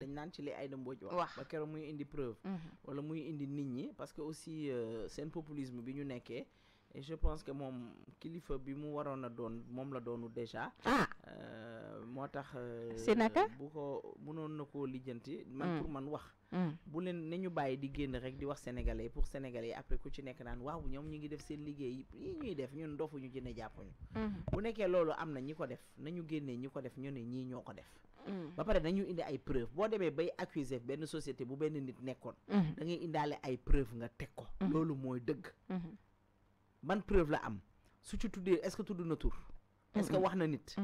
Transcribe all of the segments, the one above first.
dañ nan ci li Aïda Mbodj wax ba kéro muy indi preuve mhm. wala muy indi nit ñi parce que aussi un euh, populisme bi ñu nekkee et je pense que mom kilifa bi mu warona a doon moom la doonu déjà ah euh, moo tax. Euh, si naka bu ko mënoon na koo lijjanti. man mm. pour man wax. Mm. bu leen ñu bàyyi di génn rek di wax sénégalais pour sénégalais après ku ci nekk naan waaw ñoom ñu ngi def seen liggéey yi ñuy def ñun dofuñu ci ne jàppuñu. Mm-hmm. bu nekkee loolu am na ñi ko def nañu génnee ñi ko def ñu ne ñii ñoo ko def. Mm. ba pare dañu indi ay preuve boo demee bay accuser benn société bu benn nit nekkoon. Mm-hmm. da ngay indaale ay preuve nga teg ko. Mm-hmm. loolu mooy dëgg. ban preuve la am su ci tuddee est-ce que tudd na tur. est que wax na nit.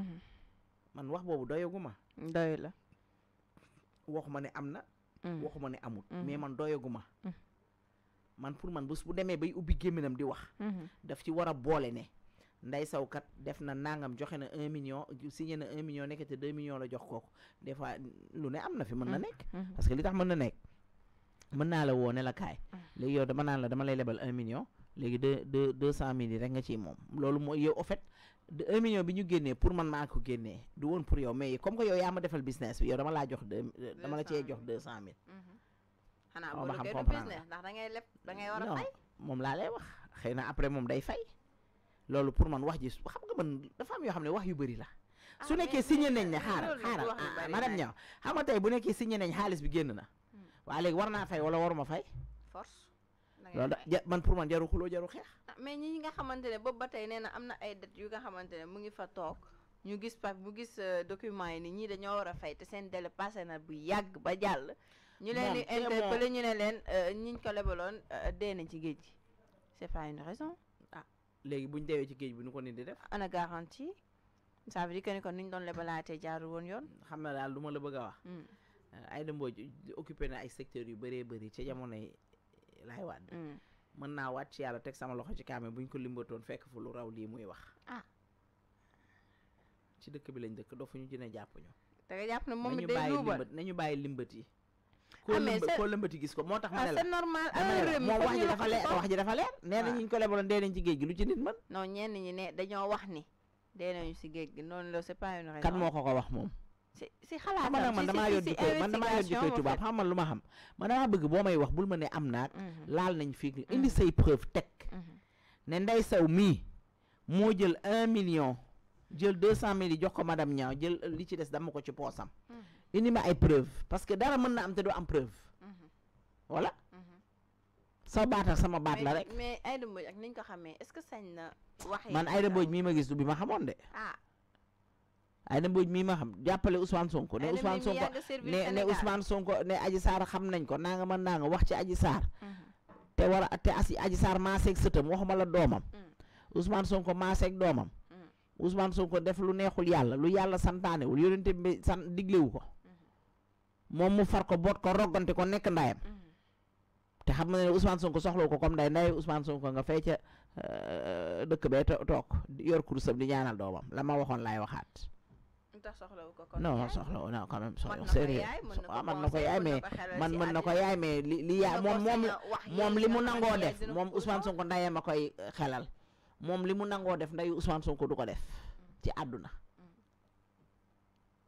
man wax boobu doyagu ma. doy la. waxuma ne am na. Mm. waxuma ne amul. Mm-hmm. mais man doyagu ma. Mm-hmm. man pour man bés bu demee bay ubbi gémminam di wax. Mm-hmm. daf ci war boole ne. nday sawkat def na nangam joxe na un million signé na un million nekk te deux millions la jox kooku des lu ne am na fi mën na nekk. parce li tax mën na nekk mën naa la woo ne la kaay. Mm. léegi yow dama naan la dama lay lebal un million léegi deux deux deux cent rek nga ciy moom loolu mooy yow de 1 million bi ñu génnee pour man maa ko génnee du woon pour yow mais comme que yow yaa ma defal business bi yow dama laa jox dama la cee jox deux cent mm-hmm. da ngay leb da ngay war a fay. moom laa lay wax xëy na après moom day fay loolu pour man wax ji xam nga man dafa am yoo xam ne wax yu bëri la. Ah, su nekkee signé nañ ne xaaral xaaral ah, ah, madame ñaw xam nga tey bu nekkee signé nañ xaalis bi génn na. Hmm. waa léegi war naa fay wala waruma fay. man pour man jaru xuloo jaru xeex. Ah, mais ñi nga xamante ne boobu ba tey nee na am na ay dette yu nga xamante ne mu ngi fa toog ñu gis pa mu gis euh, document yi ni ñii dañoo war a fay te seen délai passé na bu yàgg ba jàll. ñu leen di interpellé ñu ne leen euh, ñiñ ko lebaloon euh, dee nañ ci géej gi c' est pas une raison. ah léegi buñ deewee ci géej bi nu ko nit di def. ana garantie ça veut dire kenn ni kon ni ñu doon lebalaatee jaar woon yoon. xam na daal lu ma la bëgg a wax. Hmm. Aïda Mbodj occupé na ay secteurs yu bëree bëri ca jamonoy. laay waat mm. mën naa waat yàlla teg sama loxo ci kaame buñ ko limbatoon fekk fu lu raw lii muy wax ah ci dëkk bi lañ dëkk doo fu ñu jëne jàpp ñu te nga jàpp ne moom it day luubal nañu bàyyi limbat yi ah, koo lëmba koo gis ko moo tax ma ah, ne la ah, moom wax ji dafa leer wax ji dafa leer nee nañ ñu ko lebaloon dee nañ ci géej gi lu ci nit mën non ñi ne dañoo wax ni dee nañu si géej gi noonu la c'est pas une raison moo ko ko wax moom si si xalaat nag man damaa yor jikkoy man damaa yor jikkoy tubaab xam man lu ma xam man damaa bëgg boo may wax bul ma ne am naag mhm. laal nañ fii indi mhm. say preuve teg mhm. ne Ndeye Sow mii moo jël un million jël deux cent mille yi jox ko madame Niang jël li ci des dama ko ci poosam indi ma ay preuve parce que dara mën na am te du am preuve voilà sa baat ak sama baat la rek mais Aïda ak niñ ko xamee est que sañ na wax man Aïda mii ma gis bi ma xamoon Aïda Mbodj mii ma xam jàppale Ousmane Sonko ne Ousmane Sonko ne ne Ousmane Sonko ne Adji Sarr xam nañ ko naa nga mën naa nga wax ci Adji Sarr mhm. te war a te asi Adji Sarr maaseeg sëtam waxuma la doomam mm. Ousmane Sonko maaseeg doomam mm. Ousmane Sonko def lu neexul yàlla lu yàlla santaanewul yonente bi san diglewu ko mm-hmm. moom mu far ko boot ko roggante ko nekk ndayam mm-hmm. te xam na ne Ousmane Sonko soxlaw ko comme nday nday Ousmane Sonko nga fay ca euh, dëkk bee toog yor kurusam di ñaanal doomam la ma waxoon laay tax soxlawu ko kon non soxlawu naa quand même soxlawu sérieux ah, man na ko yaay mais man mën na ko yaay mais li li yaa moom moom moom li mu nangoo def moom Ousmane Sonko ndayee ma koy eh, xelal moom li mu nangoo def ndayu Ousmane Sonko du ko def ci mm. àdduna mm.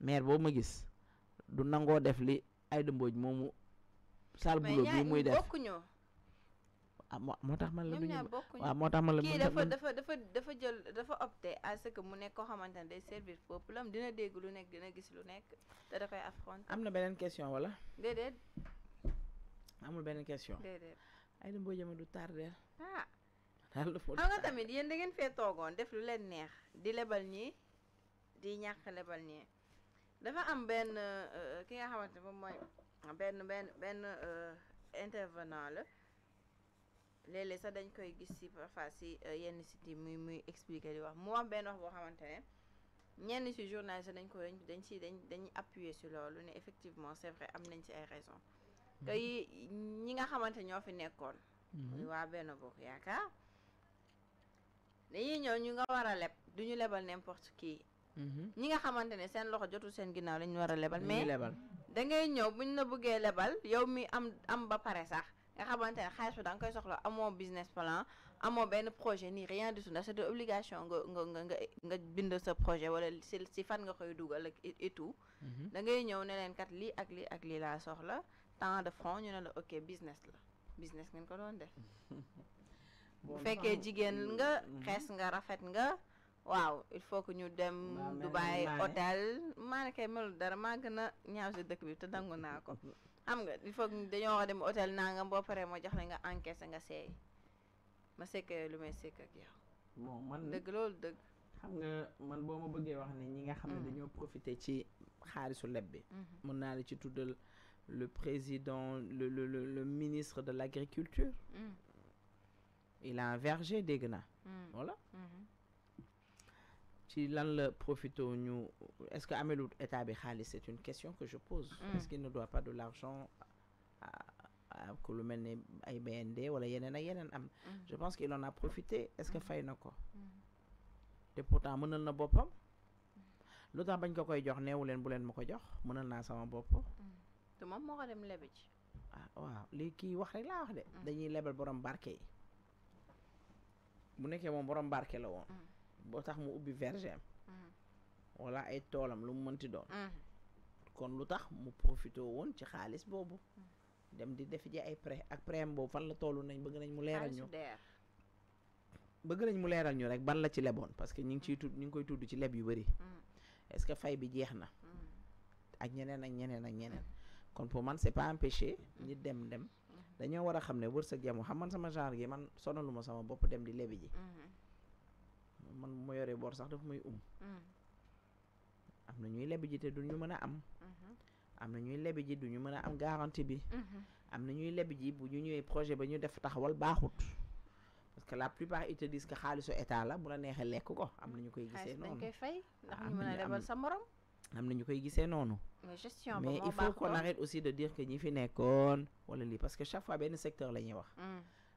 maire boobu ma gis du nangoo def li ay dëmbooj moomu sal boulot bi muy def ah moo tax man la lu ñu waaw moo tax man la kii dafa dafa dafa dafa jël dafa opté à ce que mu nekk koo xamante day servir peuple am dina dégg lu nekk dina gis lu nekk te da koy affronter. am na question wala. déedéet. amul beneen question. déedéet. ay la boo jëma du tardé. ah. xam nga tamit yéen da ngeen fee toogoon def lu leen neex di lebal ñii di ñàkk lebal ñii dafa am benn ki nga xamante eh, ne moom mooy benn benn benn intervenant la. léeg-léeg sax dañ koy gis ci parfois si euh, yenn site muy muy expliquer di wax mu wax ben wax bo xamantene ñenn ci journaliste dañ ko dañ ci dañ dañuy appuyer si lolu ne effectivement c'est vrai am nañ ci ay raison kay mm-hmm. ñi nga xamantene ñoo fi nekkoon mm-hmm. muy waa benn bokk yaakaar dañuy ñëw ñu nga wara a leb duñu lebal n'importe qui mm-hmm. ñi nga xamantene seen loxo jotu seen ginnaaw lañu war a lebal mais da ngay ñëw buñ la bëggee lebal yow mi am am ba pare sax nga xamante ne xaalis da nga koy soxla amoo business plan amoo benn projet ni rien du tout ndax c'est de obligation nga nga nga nga nga bind sa projet wala si si fan nga koy dugal ak et tout. Mhm. da ngay ñëw ne leen kat lii ak lii ak lii laa soxla temps de front ñu ne la ok business la business ngeen ko doon def. bu fekkee jigéen nga mhm. xees nga rafet nga waaw il faut que ñu dem Dubaï hôtel maa ne kay melul dara maa gën a ñaaw si dëkk bi te dangu naa ko il faut dañoo dem hôtel nangam boo paree jox la nga encaissé nga seey ma c'est lu may sekk ak yow. bon man dëgg loolu dëgg. xam man boo ma bëggee wax ñi nga mm-hmm. ci mm-hmm. le président le le le ministre de l'agriculture. Mm. il a un verger dégg mm. voilà si lan la profité ñu est-ce que amelut état bi c'est une question que je pose mm. est-ce qu'il ne doit pas de l'argent à lu et ay BND wala Yenen ak am mm. je pense qu'il en a profité est-ce que mm. fay encore ko pourtant mënal na boppam lu tax bañ ko koy jox neewu leen bu leen ma ko jox mënal naa sama bopp te moom moo ko dem lebe ci ah waaw li kii wax rek laa wax de dañuy lebal borom barke yi bu nekkee moom borom barke la woon ba tax mu ubbi verger mm-hmm. wala ay toolam lu mu mënti doon mm-hmm. kon lu tax mu profité woon ci xaalis boobu mm-hmm. dem di def ji ay prêt ak am boobu fan la tollu nañ bëgg nañ mu leeral ñu bëgg nañ mu leeral ñu rek ban la ci leboon parce que ñu ngi ciy tudd ñu ngi koy tudd ci leb yu bëri est-ce que fay bi jeex na ak ñeneen ak ñeneen ak ñeneen kon pour man c'est pas empêché ñi dem dem dañoo war a xam ne wër wërsëg yamu xam man sama genre gi man sonaluma sama bopp dem di lebi ji man bu ma bor sax daf um mm. ñuy duñu am mm-hmm. ñuy ji am garantie bi mm-hmm. amna ñuy lebi ji bu ñu projet ba ñu parce que la plupart ils te disent que xaalisu état la bu la ko amna ñu koy mais il faut qu'on arrête aussi de dire que ñi fi wala parce que chaque fois ben secteur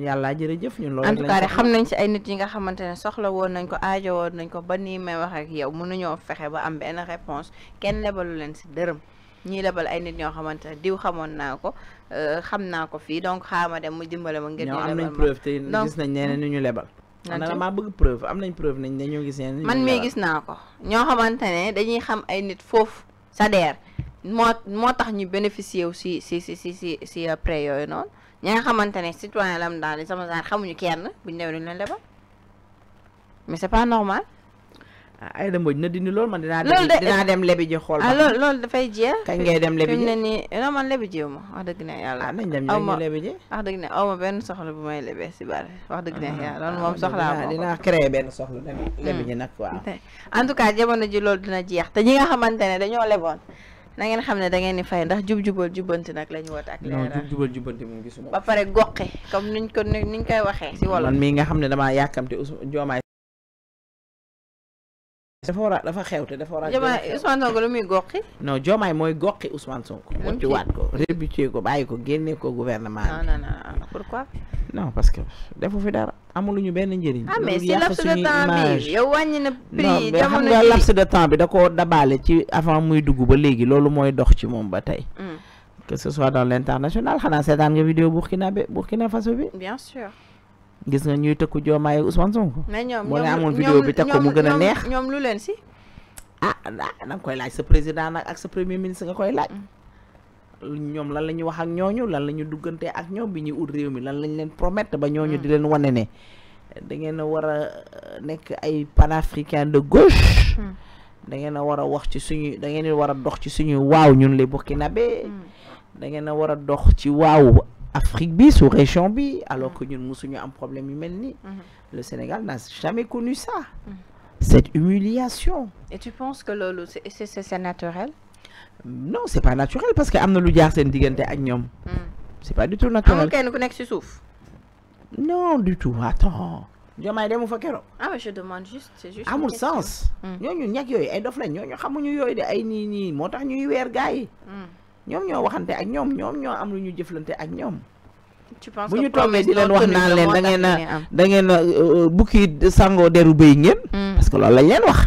yàlla jërëjëf ñun loolu en xam nañ si ay nit yi nga xamante ne soxla woon nañ ko aajo woon nañ ko ba nii may wax ak yow mënuñoo fexe ba am benn réponse kenn lebalu leen si dërëm ñuy lebal ay nit ñoo xamante ne diw xamoon naa ko xam naa ko fii donc xaama dem mu dimbale ma ngir ñu lebal am nañ nañ nee ñu ñu lebal nana maa bëgg preuve am nañ preuve nañ dañoo gis ne man mii gis naa ko ñoo xamante ne dañuy xam ay nit foofu sa deer moo moo tax ñu bénéficier wu si si si si si si prêt yooyu noonu ñi nga xamante ne citoyen lam daal di sama genre xamuñu kenn buñ demee duñ leen lebal mais c'est pas normal. ay ah, Aïda Mbodj na dindi loolu man dinaa. loolu de dinaa dem lebi ji xool. ah loolu loolu dafay jeex. kañ ngay dem lebi ji fi mu ne nii non man lebi jiw ma wax dëgg ne yàlla. ah nañ dem ñu lebi ji wax dëgg ne aw ma benn soxla bu may lebee si bari wax dëgg ne ah, yàlla loolu ah, moom soxlaa ma ko dinaa créer benn soxla lebi ji hmm. nag waaw. en tout cas jamono ji loolu dina jeex te ñi nga xamante ne dañoo leboon. na ngeen xam ne da ngeen di fay ndax jub jubal jubbanti nag la ñu woote ak leeral non jub jubal jubbanti moom gisuma ba pare goqe comme niñ ko ni niñ koy waxee si wolof mi nga xam ne damaa yàkkamte Ousmane Diomaye dafa war dafa xew te dafa war a Diomaye Ousmane Sonko lu muy goqi non Diomaye mooy goqi Ousmane Sonko watti waat ko rébuté ko bàyyi ko génne ko gouvernement non na non pourquoi non parce que defu fi dara amul ñu benn njëriñ. ah mais si laps de temps bi yow wàññi na prix jamono de temps bi da ko dabaale ci avant muy dugg ba léegi loolu mooy dox ci moom ba tey. Hmm. que ce soit dans l' international xanaa seetaan nga vidéo Burkina be Burkina Faso bi. bien sûr. gis nga ñuy tëkku Diomaye ak Ousmane Sonko. mais ñoom ñoom bi teg ko mu gën a neex. ñoom lu leen si. ah ah da koy laaj sa président nag ak sa premier ministre nga koy laaj. Hmm. ñom lan lañu wax ak ñooñu lan lañu ñu ak ñoom biñu ñuy ut réew mi lan lañ leen promettre ba ñooñu mm. di leen wané né da ngeen wara euh, nek ay panafricain de gauche mm. da ngeen wara wax ci suñu da ngeen wara dox ci suñu waaw ñun les burkinabé mm. da ngeen wara dox ci waaw Afrique bi sous région bi alors que ñun musuñu am problème yu melni mm-hmm. le Sénégal n'a jamais connu ça cette humiliation et tu penses que le, c'est c'est naturel non c'est pas naturel parce que amna lu jaar sen diggante ak ñom hmm. c'est pas du tout naturel amul ah, kenn ku nekk ci souf non du tout attends. Diomaye demu fa kéro ah mais je demande juste c'est juste. amul sens. ñoo hmm. ñooñu ñak yoy ay dof lañ ñooñu xamuñu yoy de ay ni ni moo tax ñuy wër gaay hmm. ñom ñoo waxanté ak ñom ñom ñoo am lu ñu jëflante ak ñoom. bu ñu toogee di leen wax naan leen da ngeen a da ngeen a bukki sangoo deru béy ngeen. parce que loolu lañ leen wax.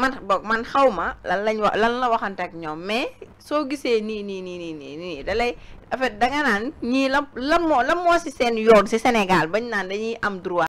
มันบอกมันเข้ามาแลันลันวะลันละว่าคันแตกเนาะเมย์โซกิเซนี่นี่นี่นี่นี่นี่แล้วเลยเอฟเฟกต์ดังนั้นนี่ละละโมละโมสิเซนยอนสิเซเนกาลบัานนั้นได้ยี่อัมดรัว